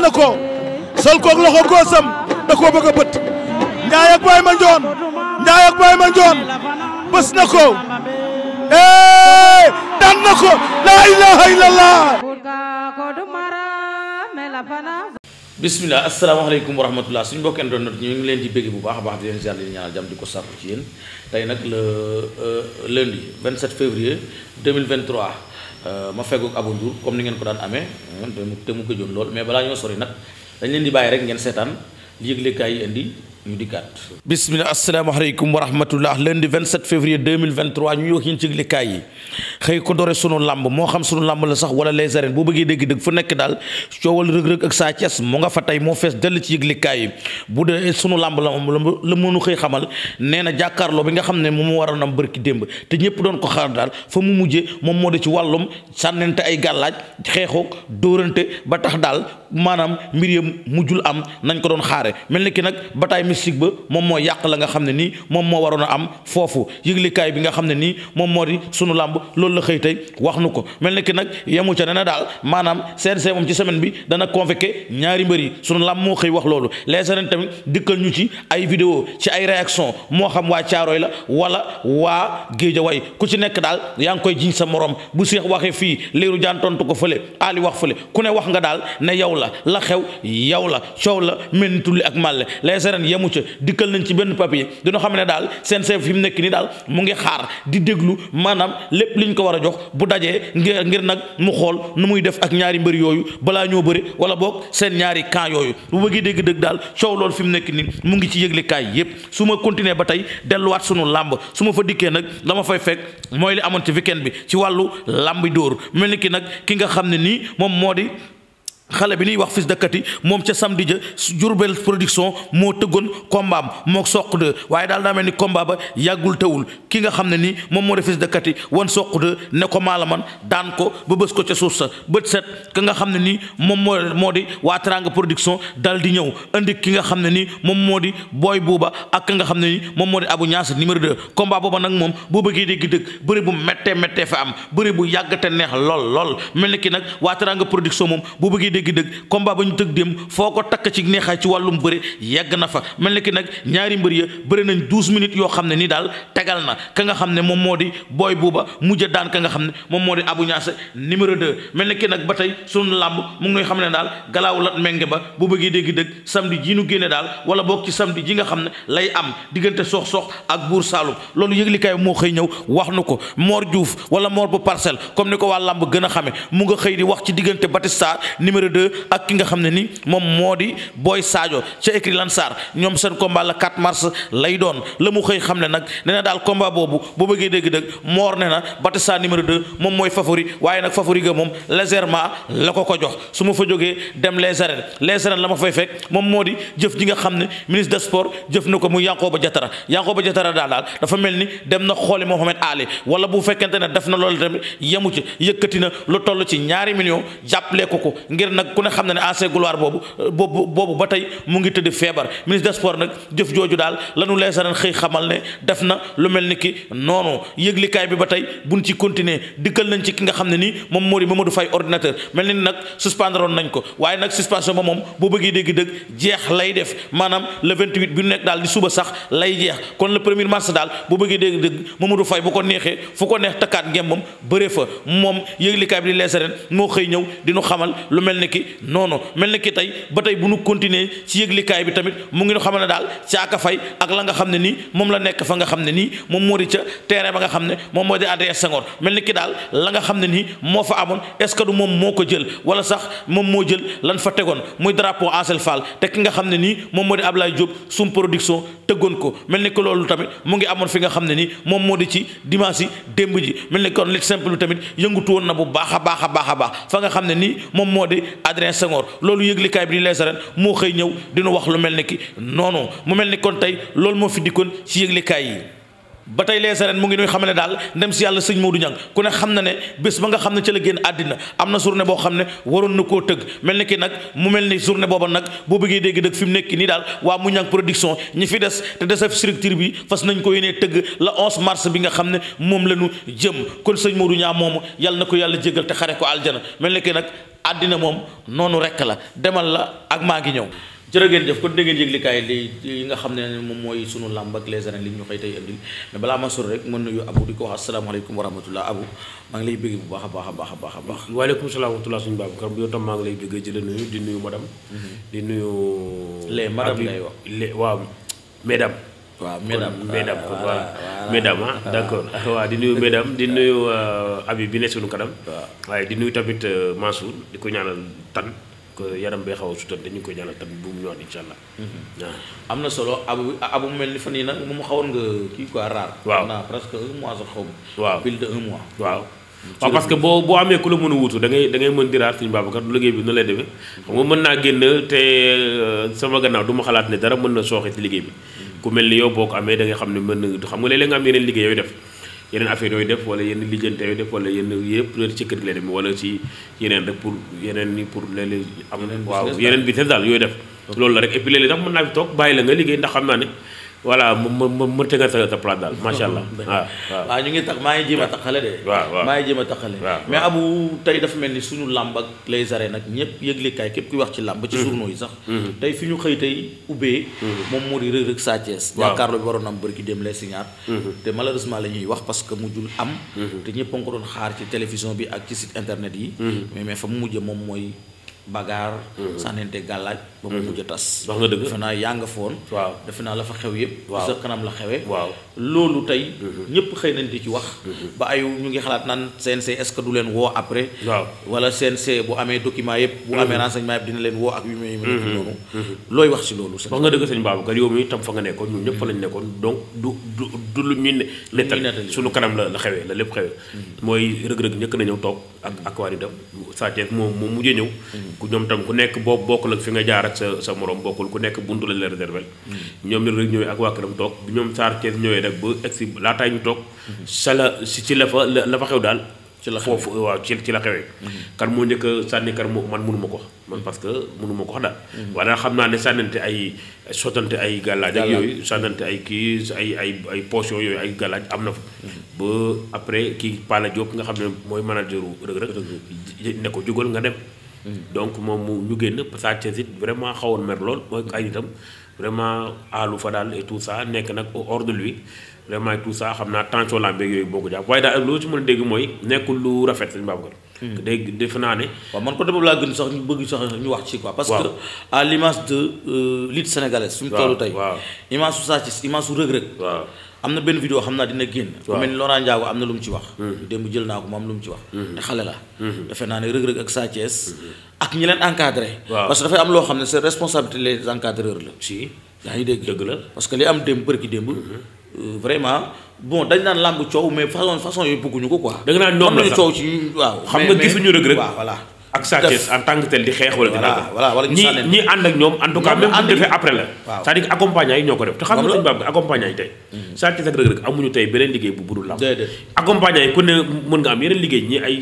laal na ko sol koog loxo góosam da koo bëgg a bët Ndiaye ak Baye Mandione Ndiaye ak na ko daan na ko laa ilaha illallah bismillah asalaamaaleykum wa rahmatullah suñu mbokk internet ñu ngi leen di bégg bu baax a baax di leen ziar di ñaanal jàmm di ko sartu ci yéen tey nag le euh, lundi 27 février Euh, ma feggoog Abou Ndour comme ni ngeen ko daan amee te mu gëjoon lool mais balaa ñoo sori nag dañ leen di bàyyi rek ngeen seetaan li yëglekaay yi indi ñu dikkaat. bisimilah asalaamaaleykum wa rahmatullah lundi 27 février 2023 ñu wax yéen ci likaay yi xëy ko dore sunu làmb moo xam sunu làmb la sax wala les arènes boo bëggee dégg-dëgg fu nekk daal coowal rëg-rëg ak Sa Thiès mu nga fa tey moo fees dell ci yëglikaay yi bu dee sunu làmb la moom la mënu xëy xamal nee na jàkkaarloo bi nga xam ne moom waroon am bërki démb te ñëpp doon ko xaar daal fa mu mujjee moom moo di ci wàllum sànnente ay gàllaaj xeexoog dóorante ba tax daal maanaam mbir yam mujjul am nañ ko doon xaare statistique ba moom moo yàq la nga xam ne nii moom moo waroon a am foofu yëglikaay bi nga xam ne nii moom moo di sunu làmb loolu la xëy tey wax nu ko mel ni ki nag yemu ca ne na daal maanaam CNG moom ci semaine bi dana convoqué ñaari mbër yi sunu làmb moo xëy wax loolu les arènes tamit dikkal ñu ci ay vidéo ci ay réaction moo xam waa Caaroy la wala waa Géejawaay ku ci nekk daal yaa ngi koy jiñ sa moroom bu seex waxee fii liiru jaan tontu ko fële Ali wax fële ku wax nga daal ne yow la yemu ca dikkal nañ ci benn papier dina xam ne daal seen chef mu nekk nii daal mu ngi xaar di déglu maanaam lépp liñ ko war a jox bu dajee ngir ngir nag mu xool nu muy def ak ñaari mbër yooyu balaa ñoo bëri wala boog seen ñaari camp yooyu bu bëggee dégg-dëgg daal coow loolu fi mu nekk nii mu ngi ci yëglekaay yépp su ma continuer ba tey delluwaat sunu làmb su ma fa dikkee nag dama fay fekk mooy li amoon ci weekend bi ci wàllu làmbi dóor mel ni ki nag ki nga xam ne nii moom moo di xale bi ñuy wax fis dëkkati moom ca samedi ja Jurbel production moo tëggoon combat am moo soq de waaye daal daa mel ni combat ba yàggul tewul ki nga xam ne nii moom moo def fis dëkkati wan soq de ne ko maala man daan ko ba bës ko ca suuf sa bët set ki nga xam ne nii moom moo moo di waa Teranga production dal di ñëw indi ki nga xam ne nii moom moo di booy booba ak ki nga xam ne nii moom moo di abu ñaas numéro 2 combat booba nag moom boo bëggee dégg dëkk bëri bu méttee méttee fa am bëri bu yàgg te neex lool lool mel ni ki nag waa production moom boo bëggee dégg-dëgg combat ba ñu tëg dem foo ko takk ci neexaay ci wàllum bëre yegg na fa mel ni ki nag ñaari mbër ya bëri nañ douze minutes yoo xam ne ni daal tegal na ka nga xam ne moom moo di booy buuba mujj daan ka nga xam ne moom moo di abu ñaase numéro deux mel ni ki nag ba tey sunu làmb mu ngi xam ne daal galaaw la menge ba bu bëggee dégg-dëgg samedi ji nu génne daal wala boog ci samedi ji nga xam ne lay am diggante sox-sox ak buur saalum loolu yëglikaay moo xëy ñëw wax nu ko Mor Diouf ko waa làmb gën a xame mu nga xëy di wax ci diggante Batista numéro 2 ak ki nga xam ne ni moom moo di Boy Sadio ca écrit Lansar ñoom seen combat la 4 mars lay doon la mu xëy xam ne nag nee na daal combat boobu bu bëggee dégg-dëgg moor ne na Batista numéro 2 moom mooy favori waaye nag favori ga moom légèrement la ko ko jox su ma fa jógee dem les arènes les arènes la ma fay fekk moom moo di jëf ji nga xam ne ministre des sports jëf na ko mu Yankhoba Diattara Yankhoba Diattara daal daal dafa mel ni dem na xooli Mohamed Ali wala bu fekkente ne def na loolu tamit yemu ci yëkkati na lu toll ci ñaari millions nag ku ne xam na ne AC Gloire boobu boobu boobu ba tey mu ngi tëdd feebar ministre des sports nag jëf jooju daal lanu leesaran xëy xamal ne def na lu mel ni ki noonu yëglikaay bi ba tey bu ci continuer dikkal nañ ci ki nga xam ne nii moom moo di Mamadou Faye ordinateur mel ni nag suspendroon nañ ko waaye nag suspension ba moom boo bëggee dégg-dëgg jeex lay def maanaam le 28 bi nekk daal di suba sax lay jeex kon le premier mars daal boo bëggee dégg-dëgg Mamadou Faye bu ko neexee fu ko neex takkaat ngembam bëree fa moom yëglikaay bi di leesaren moo xëy ñëw di nu xamal lu mel ni ne ki noonu mel ne ki tey ba tey bu nu continuer ci yëglikaay bi tamit mu ngi xamal ne daal caaka fay ak la nga xam ne nii moom la nekk fa nga xam ne nii moo di nga xam ne moom moo di ADS daal la nga xam ne nii moo fa amoon est-ce que moom moo ko jël wala sax moom moo jël lan fa tegoon muy drapeau Ansel Fall te ki nga xam ne nii moom moo di Ablaye Diop sum production tëggoon ko mel ni ki loolu tamit mu ngi amoon fi nga xam ne nii moom moo di ci dimanche yi démb ji mel ni kon lit simple bi tamit yëngutu woon na bu baax a baax a baax a fa nga xam ne nii moom moo di Adrien Senghor loolu yëglikaay bi di Les Arènes moo xëy ñëw dina wax lu mel ni ki noonu mu mel ni kon tey loolu moo fi dikkoon ci yëglikaay yi ba tey les arènes mu ngi nuy xamal ne daal ndem si yàlla sëñ Modou Niang ku ne xam na ne bés ba nga xam ne ci la génn àddina am na journée boo xam ne waroon na ko tëgg mel ni ki nag mu mel ni journée booba nag boo bëggee dégg dëgg fi mu nekk nii daal waa mu Niang production ñi fi des te desaf structure bi fas nañ ko yéenee tëgg la 11 mars bi nga xam ne moom la ñu jëm kon sëñ Modou Niang moomu yàlla na ko yàlla jégal te xare ko aljana mel ni ki nag àddina moom noonu rekk la demal la ak maa ngi ñëw jërë ngeen jëf kon dégg ngeen yëglikaay li yi nga xam ne moom mooy sunu làmb ak les arènes li ñu xëy tey andil mais balaa ma sori rek mën nuyu Abou di ko wax asalaamaaleykum wa rahmatullah Abou maa ngi lay bëgg bu baax a a a a baax waaleykum salaam wa rahmatullah suñu Babacar bu yow tam maa ngi lay bëgg jële nuyu di nuyu madame mhm. di nuyu les madame lay wax les waaw mesdames waaw mesdames mesdames waaw mesdames ah d'accord waaw di nuyu di nuyu euh, Habib bi ne sunu kanam waaye di nuyu tamit euh, Mansour di ko ñaanal tan yaram bee xaw a sutal dañu ko ñaanal tamit bu mu ñëwaat incha allah. Mhm. waaw am na solo abu abu mel ni fa nii nag moom xawoon nga kii quoi rare. waaw naa presque un mois sax xaw ma. boo boo amee ku la mën a wuutu da ngay da ngay mën di raar suñu Babacar du liggéey bi na lay demee. xam nga mën naa génn te euh, sama gannaaw du ma xalaat ne dara mën na sooxe ci liggéey bi. Mhm. ku mel ni yow boo ko amee da xam ne mën na xam nga léeg-léeg nga am yeneen liggéey yooyu def yeneen affaire yooyu def wala yenn lijjante yooyu def wala yenn yëpp ci kër gi lay dem wala ci yeneen rek pour yeneen ni pour léeg am waaw yeneen bi def daal yooyu def loolu la rek et puis léeg-léeg naa fi toog bàyyi la nga liggéey ndax xam naa ne voilà mu mu mu mu tëggal sa sa daal macha allah. waaw ñu ngi tax maa ngi jéem a taxale de. waaw waaw maa ngi jéem a taxale. mais abu tey dafa mel ni suñu làmb ak les arènes nag ñëpp yëglekaay képp kuy wax ci làmb. ci mm-hmm. journaux yi sax. Mm-hmm. tey fi ñu xëy tey ubbee. Mm-hmm. moom moo di Reug Reug Sa Thiès. waaw bi waroon am bëri dem lay signaar. te malheureusement la ñuy wax parce que mujjul am. te ñëpp a doon xaar ci télévision bi ak ci site internet yi. mais mais fa mu mujjee moom mooy. bagaar mhm. sànnente gàllaaj ba mu mhm. mujj a tas wax nga dëgg naa yaa nga foon waaw defe naa la fa xew yëpp sa kanam la xewe waaw loolu tey mhm. ñépp xëy nañ di ci wax ba ay ñu ngi xalaat naan CNC est-ce que du leen woo après waaw wala CNC bu amee document yëpp bu amee renseignement yëpp leen woo yu mel looy wax si loolu wax nga dëgg sëñ Babacar yow mi tam fa nga nekkoon ñun ñëpp fa lañ nekkoon du du du lu ñuy nettali kanam la la xewee la lépp xewee mooy rëg-rëg njëkk na ñëw toog ak ak waa di dem saa teeg moom mujjee ñëw ku ñoom tam ku nekk boo bokkul ak fi nga jaar ak sa sa morom bokkul ku nekk buntu lañ la réservé hmm. ñoom Reug Reug ñëwee ak waa këram toog bi ñoom Saar Thiès ñëwee nag ba egsi laataay ñu toog sa la si ci la fa la fa xew daal ci la foofu waaw ci ci la xewee hmm. kan moo njëkk sànni kan moo man mënuma ko wax man hmm. parce que mënuma ko wax daal waaye xam naa ne sànnante ay sottante ay gàllaaj ak yooyu sànnante ay kii ay ay ay potion yooyu ay gallaaj am na fa ba après kii Pala Diop nga xam ne mooy manageru Reug Reug ne ko jógal nga dem donc moom mu ñu génn Sathiès it vraiment xawoon mer lool mooy ay nitam vraiment aalu fa daal et tout ça nekk nag hors de lui vraiment et tout ça xam naa tension la beeg yooyu boo waaye daal loo ci mën a dégg mooy nekkul lu rafet sëñ Babacar. Hmm. dégg defe naa ne. waaw man ko boobu laa gën sax ñu bëgg sax ñu wax ci quoi. parce que à l'image de euh, lutte sénégalaise. waaw waaw tey image su Sathiès image su Reug Reug. waaw. am na benn vidéo xam naa dina génn. waaw mel ni Laurent Ndiago am na lu mu ci wax. Hmm. démb jël naa ko moom lu mu ci wax. te hmm. xale la. Hmm. defe naa ne rëg-rëg ak Sa Thiès. ak ñi leen encadré. parce que dafay am loo xam ne c'est responsabilité les encadreurs la. si yaa ngi dégg dëgg la parce que li am démb bërki démb. Euh, vraiment bon dañ daan làmb coow mais façon façon yooyu bëgguñu ko quoi. da nga naan ñoom la waaw. xam nga gisuñu rëg-rëg. waaw voilà. ak Sa Thiès en tant di xeex wala di nag wala ñi ñi ànd ak ñoom en tout cas defee après la c'est-à-dire accompagnant yi ñoo ko def te xam nga suñu baab nga accompagnant yi tey mm-hmm. Sa Thiès ak Reug Reug amuñu tey beneen liggéey bu budul lamb accompagnant yi ku ne mën nga am yeneen liggéey ñi ay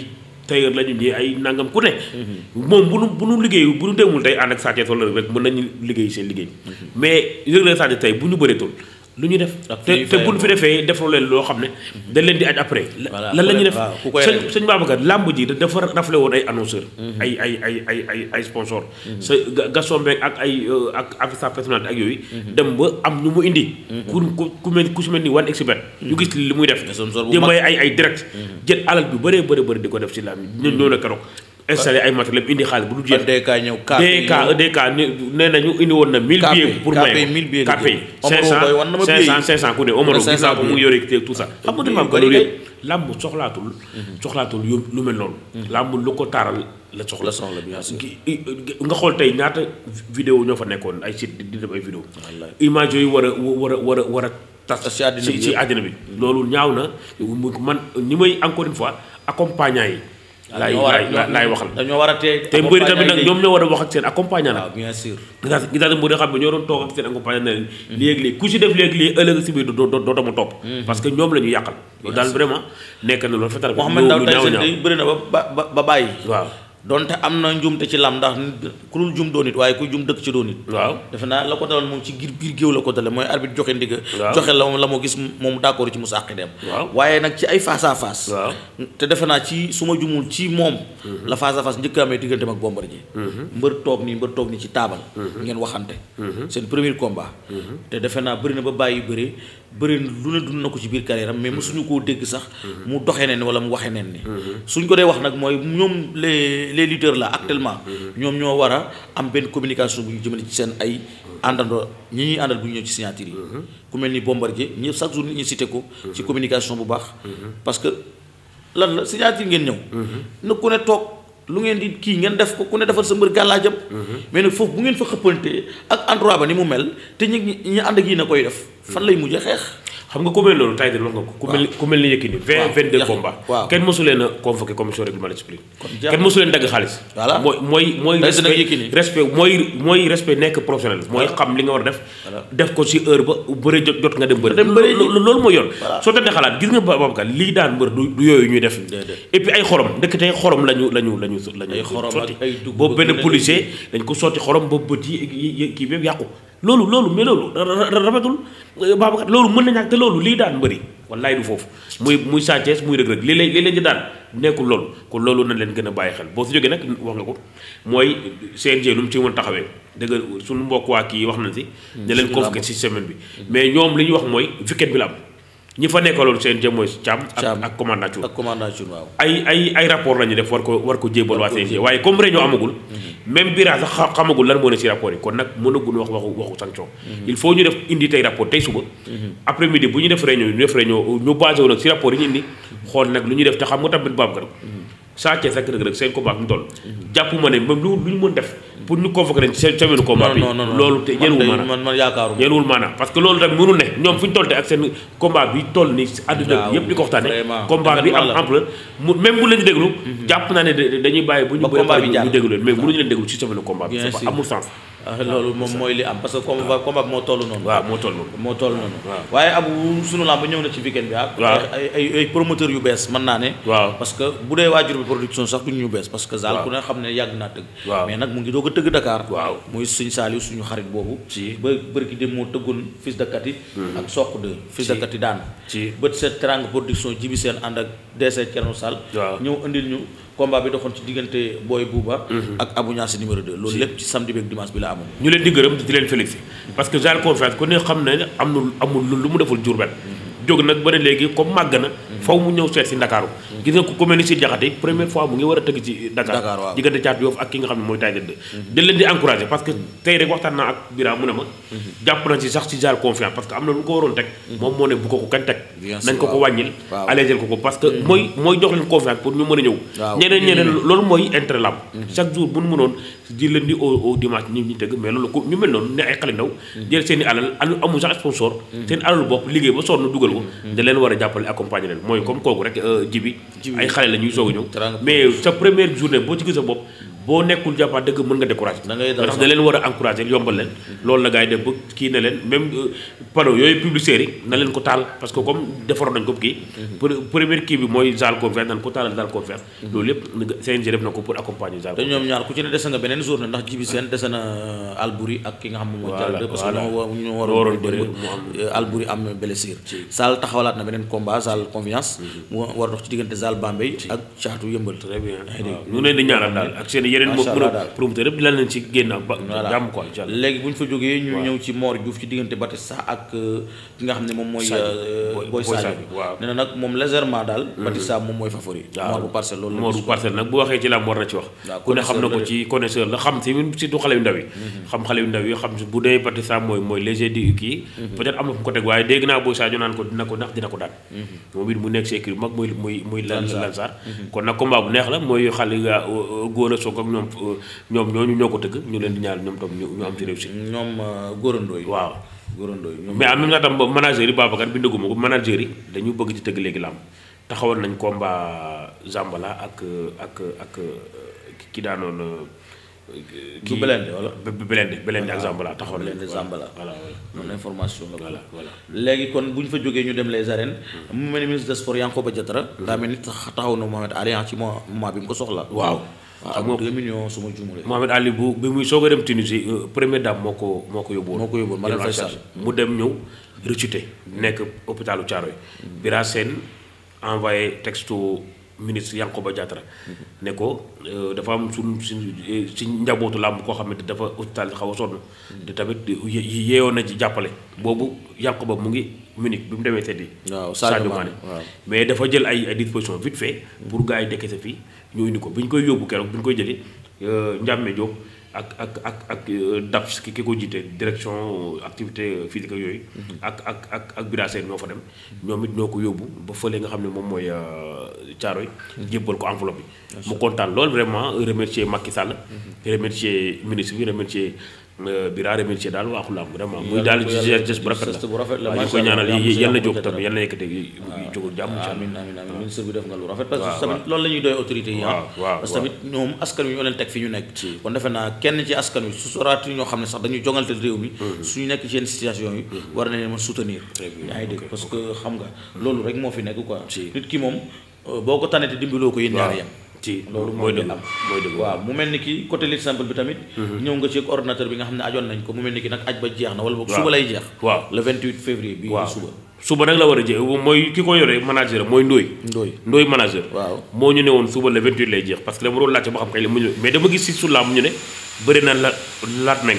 tailleur lañu ñi ay nangam ku ne mm-hmm. moom bu nu bu nu liggéey bu nu demul tey ànd ak Sa Thiès wala Reug Reug mën nañu liggéey seen liggéey mm-hmm. mais Reug Reug Sa Thiès tey bu ñu bëreetul lu ñu def te te buñ fi defee defoo leen loo xam ne dañ leen di aj après lan la ñuy def sëñ sëñ Babacar làmb ji dafa raflé woon ay annonceur mm-hmm. ay ay ay ay ay ay sponsor mm-hmm. sa Gaston Mbengue ak ay euh, ak affiche personnalité ak yooyu mm-hmm. dem ba am ñu mu indi ku ku mel ku si mel ni wan expert ñu gis li muy def di may ay ay direct jël alal bi bëree bëri bëri di ko def si làmb ñun ñoo keroog installé ay matériel lépp indi xaalis bu du jeex. DK ñëw KPI DK DK nañu indi woon na 1000 billets pour may ko KPI 500 500 500 ku ne Omaro gis naa ko mu ngi yore tout ça. xam nga dafa am loolu yëpp làmb soxlaatul. soxlaatul lu mel noonu. Mm-hmm. làmb lu ko taaral la soxla. soxla bi nga xool tey ñaata vidéo ñoo fa nekkoon ay site di def ay vidéo image yooyu war a war a war a war a tas ci àddina bi mm-hmm. loolu ñaaw na man ni may encore une fois accompagnant yi. laay laay waxal dañoo war a te mbëri tamit nag ñoom ñoo war a wax ak seen accompagnant nag ah, bien sûr gisaat mbëri xam ne ñoo doon toog ak seen accompagnant ne mm-hmm. léegi-léegi ku si def léegi-léegi ëllëg si biir doo doo dama topp mm-hmm. parce que ñoom la ñu yàqal loolu daal vraiment nekk na loolu fetal Mohamed Ndao Tyson bëri na ba ba bàyyi waaw donte am na njuumte ci lam ndax ku dul jum doon it waaye ku jum dëkk ci doon it waaw defe naa la ko daloon moom ci gir biir géew la ko dale mooy arbitre joxe ndiga joxe la moo gis moom d'accord ci mu sàqi dem waaye nag ci ay face à te defe naa ci su ma jumul ci moom mhm. la face à face njëkk amee diggante mag Bombardier mhm. mbër toog nii mbër toog nii ci taabal mhm. ngeen waxante seen premier komba te defe naa bëri na ba bàyyi bëri bëri lu ne dund na ko ci biir carrière am mais mosuñu koo dégg sax mu doxee neen wala mu waxee neen ni suñ ko dee wax nag mooy ñoom lee les leaders là actuellement. Mm-hmm. Mm-hmm. ñoom ñoo war a am benn communication bu ñu jëmale ci seen ay. àndandoo ñi ñuy àndal bu ñëw ci signature yi. Mm-hmm. ku mel ni Bombardier ñëpp chaque jour nit ñi cité ko. ci communication bu baax. parce que lan la signature ngeen ñëw. na ku ne toog lu ngeen di kii ngeen def ko ku ne defal sa mbër gàllaajam. mais nag foofu bu ngeen fa xëppante ak endroit ba ni mu mel te ñi ñi ànd ak yii na koy def. fan lay mujjee xeex. xam nga ku loolu tay de wax nga ko. ku mel ku mel ni Yékini. waaw 20 22 a convoqué commission de discipline. kenn mosu dagg xaalis. mooy mooy respect mooy mooy respect nekk professionnel. mooy xam li nga war a def. def ko si heure ba bëri jot jot nga dem bëre. loolu mooy yoon. soo tëddee xalaat gis nga Babacar lii daan mbër du du yooyu ñuy def. et puis ay xorom dëkk tey xorom lañu lañu lañu lañu. ay xorom ak ay dugub boobu benn policier dañ ko sotti xorom ba bët yi kii bi yàqu loolu loolu mais loolu rafetul euh, Babacar loolu mën na ñàkk te loolu lii daan mbari wallaay du foofu muy muy Sa muy Reug Reug lii lay lii leen di daan nekkul loolu kon loolu na leen gën a bàyyi xel boo si jógee nag wax nga ko mooy CNG lu ci mën taxawee dëgg suñu mbokk waa kii wax nañ si hmm, ne leen convoqué si semaine bi mais ñoom li ñuy wax mooy viket bi la am ñi fa nekkaloon seen jëm mooy Thiam. ak commandant Thioune ak ay ay rapport la ñu def war ko war ko jébal waa CNG waaye comme réunion mm-hmm. amagul. Mm-hmm. même Bira sax xamagul lan moo ne si rapport yi kon nag mënagul wax waxu waxu sanction. Mm-hmm. il faut ñu def indi tey rapport tey suba. après midi bu ñu def réunion ñu def réunion ñu basé nag si rapport yi ñu indi. xool nag lu ñuy def te xam nga tamit baam kan. saa cee sax rek rek seen combat mu toll. jàpp ne même lu lu ñu mën def. pour ñu convoquer leen ci semaine combat bi loolu te jëluwul maanaam man man yaakaaruma jëluwul maanaam parce que loolu tamit mënul ne ñoom fi ñu toll te ak seen combat bi toll ni si àdduna yëpp di ko waxtaane combat bi am ampleur mu même bu leen di déglu mhm. jàpp naa ne dañuy bàyyi bu ñu bu ñu déglu leen mais mënuñu leen déglu ci semaine combat bi amul sens Ah, loolu moom mooy li am parce que combat combat moo toll noonu. waaw moo toll noonu moo toll noonu. waaye abu sunu lamb ñëw na ci weekend bi ah. waaw ay ay ay yu bees mën naa ne. waaw parce que bu dee waajur bi production sax duñu ñu bees. parce que zaal ku ne xam ne yàgg naa tëgg. waaw mais nag mu ngi doog a tëgg Dakar. waaw muy suñ Saliou suñu xarit boobu. ci ba bërki dem moo tëggoon Fils de Kati. Hmm. ak soq de Fils de Kati daan. ci bët set teranga production jibi seen ànd ak DC Thierno Sall. waaw ñu. combat bi doxoon ci diggante Boy Bouba. Mhm. ak Abou Niass de 2. loolu lépp ci samedi beeg dimanche bi la amoon. ñu leen di gërëm di leen félicité parce que genre confiance ku ne xam ne am amul lu mu deful Diourbel mhm. jóg nag ba ne léegi comme màgg na. Mhm. faw mu ñëw seet si Ndakaaru gis nga ku mel ni si jaxate première fois mu ngi war a tëgg ci Dakar diggante caatu Yoof ak ki nga xam ne mooy Taïga 2 di leen di encouragé parce que mhm. tey rek waxtaan naa ak Bira mu ne ma mhm. jàpp nañ si sax si genre confiance parce que am na lu ko waroon teg mhm. moom moo ne bu ko kenn teg nañ ko ko wàññil allégel ko ko parce que mooy mooy jox leen confiance pour ñu mën a ñëw ñeneen ñeneen loolu mooy intérêt lamb chaque jour bu ñu mënoon di ay xale la ñuy soog a ñëw mais sa première journée boo ci gis sa bopp boo nekkul jàppaat dëgg mën nga découragé. da leen war a encouragé yombal leen. loolu la gars yi def ba kii ne leen même euh, panneau yooyu publicitaires yi na leen ko taal parce que comme defaroon nañ ko kii. Mhm. première kii bi mooy zaal conférence nan ko taalal zaal conférence. Mhm. loolu yëpp na Saal euh, euh, taxawalaat na beneen combat Saal confiance. Mhm. mu war dox ci diggante Saal Bambey ak caatu yëmbal. très bien waaw ñu daal ak seen yeneen promoteur yëpp lan lañ ci génn ak ba jàmm quoi incha allah léegi bu ñu fa jógee ñu ñëw ci Mor Diouf ci diggante Batista ak euh, ki nga xam ne moom mooy euh, Boy Sadio nag Boy Sadio naan ko dina ko ndax mhm. moom it mu nekk ci mag muy muy muy mhm. kon nag combat bu neex la mooy xale góor euh, a soog comme ñoom ñoom ñooñu ñoo ko tëgg ñu leen di ñaar ñoom tam ñu am ci réussite. ñoom euh, góorandoo yi. waaw góorandoo yi. mais en même temps tam manager yi Babacar bi ndëgguma ko manager yi dañu bëgg ci tëgg léegi làmb taxawal nañ combat Zambala ak ak ak ki daanoon. ki Belende wala Belende Belende ak Zambala taxoon Belende Zambala voilà noonu information kon bu ñu fa ñu dem les arènes hmm. mu mel ni ministre des sports ni taxaw na Mohamed Ali ci moment bi mu ko soxla waaw waaw ah, ah, deux millions su ma juumalee. Mohamed Ali bu bi muy soog a dem Tunisie euh, première dame moo ko moo ko yóbbuwoon. moo ko yóbbuwoon Marième mu dem ñëw rechuté. nekk hôpitalu Thiaroye. Mm. Bira Sène envoyé texto. ministre Yankhoba Diattara ne ko euh, dafa am suñ suñ si njabootu làmb koo xam ne dafa hôpital xaw a sonn te tamit yeewoon na ci jàppale boobu Yankhoba mu ngi Munich bi mu demee seet yi waaw Sadio Mané mais dafa jël ay ay disposition vite fait pour gars yi dekkee sa fii ñu indi ko bi ñu koy yóbbu keroog bi ñu koy jëlee Euh, Ndiame Diop ak ak ak ak euh, DAPS ki ko jiite direction activité physique ak yooyu. Mhm. ak ak ak ak Birasé ñoo fa dem. ñoom it ñoo ko yóbbu ba fële nga xam ne moom mooy euh, Thiaroye. Mhm. jébbal ko enveloppe bi. mu kontaan lool vraiment remercier Macky Sall. Mhm. remercier ministre bi remercier. Euh, biraare Mircea daal waaxulaam vraiment muy daal geste bu rafet la bu rafet la ñu koy ñaanal yal na ministre bi def nga lu rafet parce que tamit loolu la doy autorité yi ah parce que tamit ñoom askan wi ñoo leen teg fi ñu nekk kon defe naa kenn ci askan wi su soraati ñoo xam ne sax dañuy jongalte réew mi mm-hmm. suñu nekk ci yenn yi mm-hmm. war na leen mën soutenir parce que xam nga loolu rek moo fi nekk quoi nit ki moom euh, boo ko tànnee te dimbaloo ko yéen ci loolu mooy dëgg mooy dëgg waaw mu mel ni ki côté lutte simple bi tamit mhm. ñëw nga ci ordinateur bi nga xam ne ajoon nañ ko mu mel ni ki nag aj ba jeex na wala boog suba lay jeex waaw le 28 février bi suba suba nag la war a jeex mooy ki ko yore manager mooy ndóoy ndóoy ndóoy manager waaw moo ñu ne woon suba le 28 lay jeex parce que dama doon laajte ba xam kay la mu ñu mais dama gis si sulaam ñu ne bëri na la laat na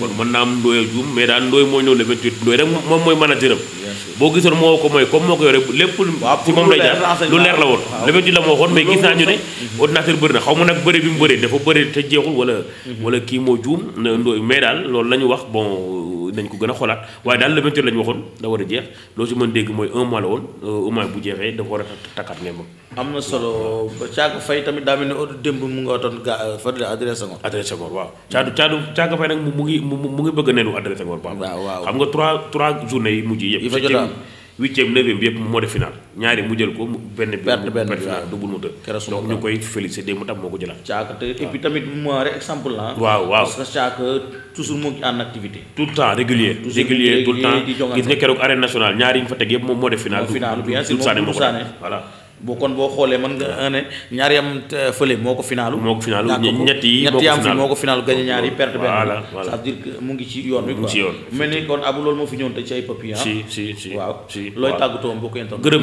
kon mën naa am ndooy juum mais daal ndooy mooy ñëw le 28 ndooy rek moom mooy man a jërëm boo gisoon moo ko mooy comme moo ko yore lépp ci moom lay jaar lu leer la woon le 28 la ma waxoon mais gis naa ñu ne mhm. ordinateur bëri na xaw ma nag bëri bi mu bëri dafa bëri te jeexul wala mhm. wala kii moo juum ndooy mais daal loolu la ñu wax boo nañ ko gën a xoolaat waaye daal le 28 la waxoon da a jeex loo si mën dégg mooy un mois la woon au euh, moins bu jeexee dafa war a takkaat ngeen ma. am na solo ba Thiago Faye tamit daa mel ni oto démb mu nga otoon gaa euh, fa adresse Senghor. adresse Senghor waaw Thiago Thiago Thiago Faye nag mu ngi mu ngi bëgg a nenu adresse Senghor. waaw waaw xam nga trois trois journées yi mujj yëpp. huitième neuvième bi yëpp moo def final ñaari mu jël ko benn bi perte benn bi waaw double moteur donc ñu koy félicité mu tam moo ko jëlaat caak te et puis tamit moi rek exemple la waaw waaw parce que caak toujours moo ngi en activité tout le temps régulier régulier tout le temps gis nga keroog arène nationale ñaari ñu fa teg yëpp moom moo def final du Sané moo ko voilà boo kon boo xoolee mën nga ne ñaar yam euh, fële moo ko finalu moo ko finalu ñett yi ñett yam moo ko finalu gañe ñaar perte benn ah.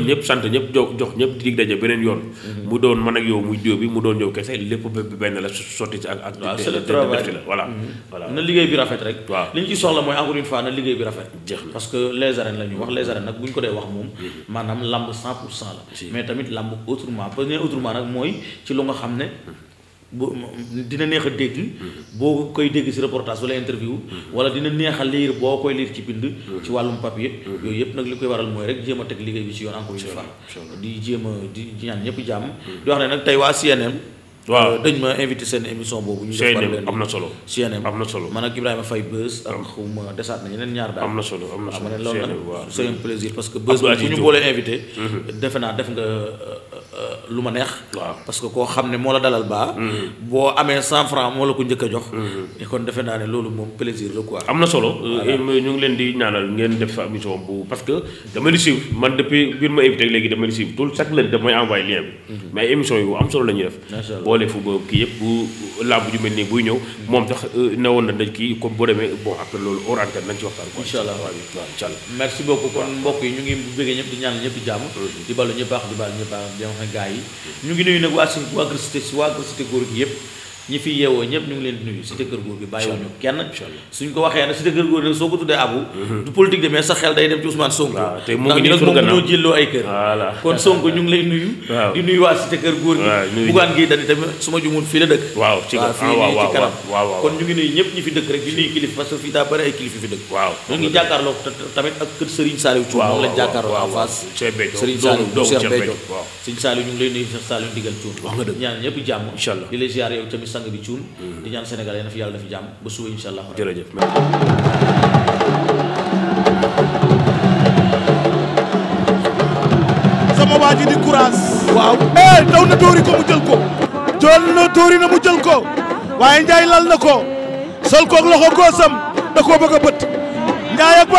ñëpp sant ñëpp jox jox ñëpp dig daje beneen yoon mhm. mu doon man ak yow muy diw bi mu doon yow kese lépp benn la sotti ci ak ak mhm. na liggéey bi rafet rek waaw li ñu ci soxla mooy encore une na liggéey bi rafet jeex na parce que les arènes la ñu wax les nag bu ñu ko dee wax moom mhm. maanaam lamb 100 pour cent la mais tamit làmb autrement parce que autrement nag mooy ci lu nga xam ne bu dina neex a dégg boo koy dégg si reportage wala interview wala dina neex a liir boo koy liir ci bind ci wàllum papier yooyu yëpp nag li koy waral mooy rek jéema a teg liggéey bi ci yoon encore une fois di jéem a di ñaan ñëpp jàmm di wax ne nag tey waa CNN waaw euh, dañ ma invité seen émission boobu. ñu def leen am na solo CNM am na solo. man ak Ibrahima Faye Buzz ak xaw ma desaat na ñeneen ñaar daal. am na solo am na solo ah, ma parce que Buzz bu mm-hmm. defe naa def nga euh, euh, lu ma neex. waaw parce que koo xam ne moo la dalal baa. Mm-hmm. boo amee cent franc moo la ko njëkk a jox. Mm-hmm. defe naa ne loolu moom plaisir na solo ñu ngi leen di naanal ngeen def sa émission bu parce que dama di suivre man depuis biir ma invité léegi dama di suivre tout chaque lundi damay envoyé lien bi. mais émission yu am solo la ñuy def. waleefu ba kii yëpp bu làmb ju mel nii buy ñëw moom sax euh, ne woon na dañ kii comme boo demee bon après loolu orantan nañ ci waxtaan quoi incha allah waaw incha allah kon mbokk yi ñu ngi bëggee ñëpp di ñaan ñëpp mm-hmm. di jàmm di ballu ñëpp baax di ballu ñëpp baax di wax ne gars yi ñu ngi nuyu nag waa si waa Keur Cité si waa Keur Cité góor gi yëpp ñi fi yeewoo ñëpp ñu ngi leen di nuyu cité kër góor gi bàyyiwuñu kenn suñ ko waxee nag cité kër góor nag soo ko tuddee abu mm-hmm. du politique de mais sa xel day dem ci Ousmane Sonko ndax ñu ngi lay nuyu di nuyu waa cité kër góor dëkk ñaan ñëpp jàmm di la Hmm. a fi sama waa ji di courage waaw eh daw na dóori ko mu jël ko jël na dóori na mu jël ko waaye Ndiaye lal na ko sol koog loxo góosam da koo bëgg bët Ndiaye ak